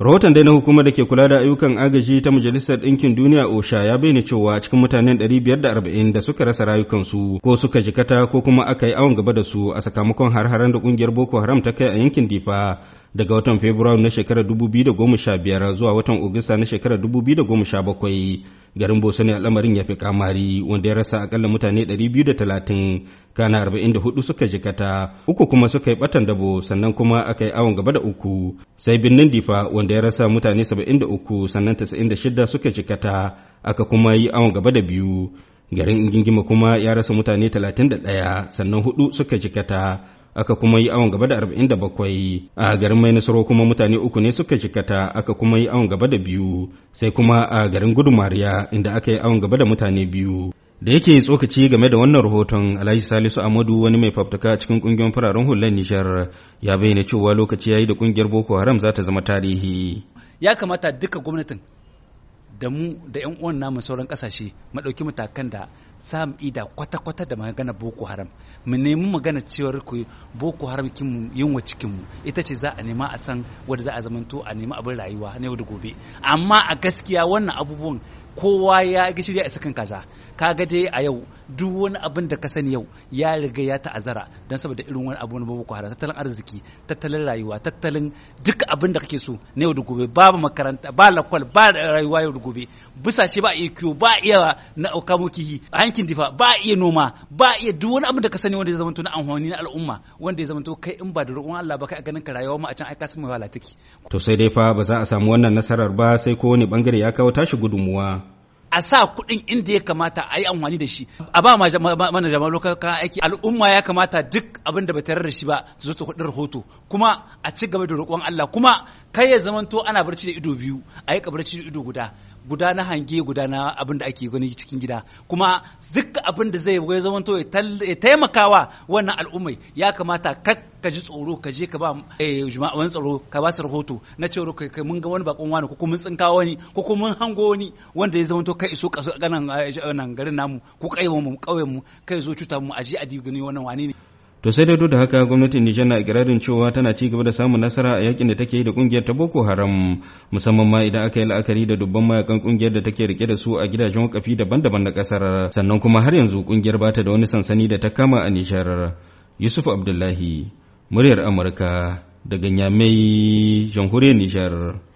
Rahoton dai na hukumar da ke kula da ayyukan agaji ta Majalisar Ɗinkin Duniya OSHA ya bayyana cewa cikin mutanen 540 da suka rasa rayukansu ko suka jikata ko kuma aka yi awon gaba da su a sakamakon har-haren da ƙungiyar Boko Haram ta kai a yankin Difa daga watan Fabrairu na shekarar 2015 zuwa watan Ogista na shekarar 2017 garin Bosa ne al'amarin ya fi kamari wanda ya rasa akalla mutane 230 kana 44 suka jikata uku kuma suka yi batan dabo sannan kuma aka yi awon gaba da uku sai birnin Difa wanda ya rasa mutane 73 sannan 96 suka jikata aka kuma yi awon gaba da biyu garin Ingingima kuma ya rasa mutane 31 sannan hudu suka jikata aka kuma yi awon gaba da arba'in da bakwai a garin mai nasaro kuma mutane uku ne suka jikata aka kuma yi awon gaba da biyu sai kuma a garin gudu mariya inda aka yi awon gaba da mutane biyu da yake tsokaci game da wannan rahoton alhaji salisu amadu wani mai fafutuka cikin kungiyar fararen hular nishar ya bayyana cewa lokaci ya yi da kungiyar boko haram za ta zama tarihi ya kamata duka gwamnatin da mu da 'yan uwan namu sauran kasashe mu ɗauki matakan da sam ida kwata-kwata da magana boko haram mu nemi magana cewar ku boko haram kinmu yunwa mu ita ce za a nema a san wanda za a zamanto a nemi abin rayuwa na yau gobe amma a gaskiya wannan abubuwan kowa ya ga shirya a sakan kaza kaga dai a yau duk wani abin da ka sani yau ya riga ya ta'azara don saboda irin wani abu na boko haram tattalin arziki tattalin rayuwa tattalin duk abin da kake so na yau da gobe babu makaranta ba lakwal ba rayuwa yau da gobe bisa shi ba iya kiwo ba iya na kamokihi yankin difa ba a iya noma ba a iya duk wani abin da ka sani wanda ya zama na amfani na al'umma wanda ya zama kai in ba da roƙon Allah ba kai a ganin ka rayuwa ma a can ai kasu mai walatiki to sai dai fa ba za a samu wannan nasarar ba sai ko wani bangare ya kawo tashi gudunmuwa a sa kuɗin inda ya kamata a yi amfani da shi a ba mana jama lokacin aiki al'umma ya kamata duk abin da ba tarar da shi ba su zo kuɗin rahoto kuma a ci gaba da roƙon Allah kuma kai ya zamanto ana barci da ido biyu a yi barci da ido guda guda na hange guda na abin da ake gani cikin gida kuma duk abin da zai ya to ya taimakawa wannan al'ummai ya kamata ka ji tsoro ka je ka ba eh, wani tsaro ka ba su rahoto na ce kai mun ga wani bakon wani ko kuma mun tsinka wani ko kuma mun hango wani wanda ya zamanto kai iso kasu ganan eh, garin namu ko kai mu kai zo cuta mu aje a gani wannan wani ne to sai dai duk da haka gwamnatin Nijar na ikirarin cewa tana ci gaba da samun nasara a yakin da take yi da kungiyar ta Boko Haram musamman ma idan aka yi la'akari da dubban mayakan kungiyar da take rike da su a gidajen wakafi daban-daban na kasar sannan kuma har yanzu kungiyar ta da wani sansani da ta kama a Nijar Yusuf Abdullahi muryar Amurka daga Nyamai jamhuriyar Nijar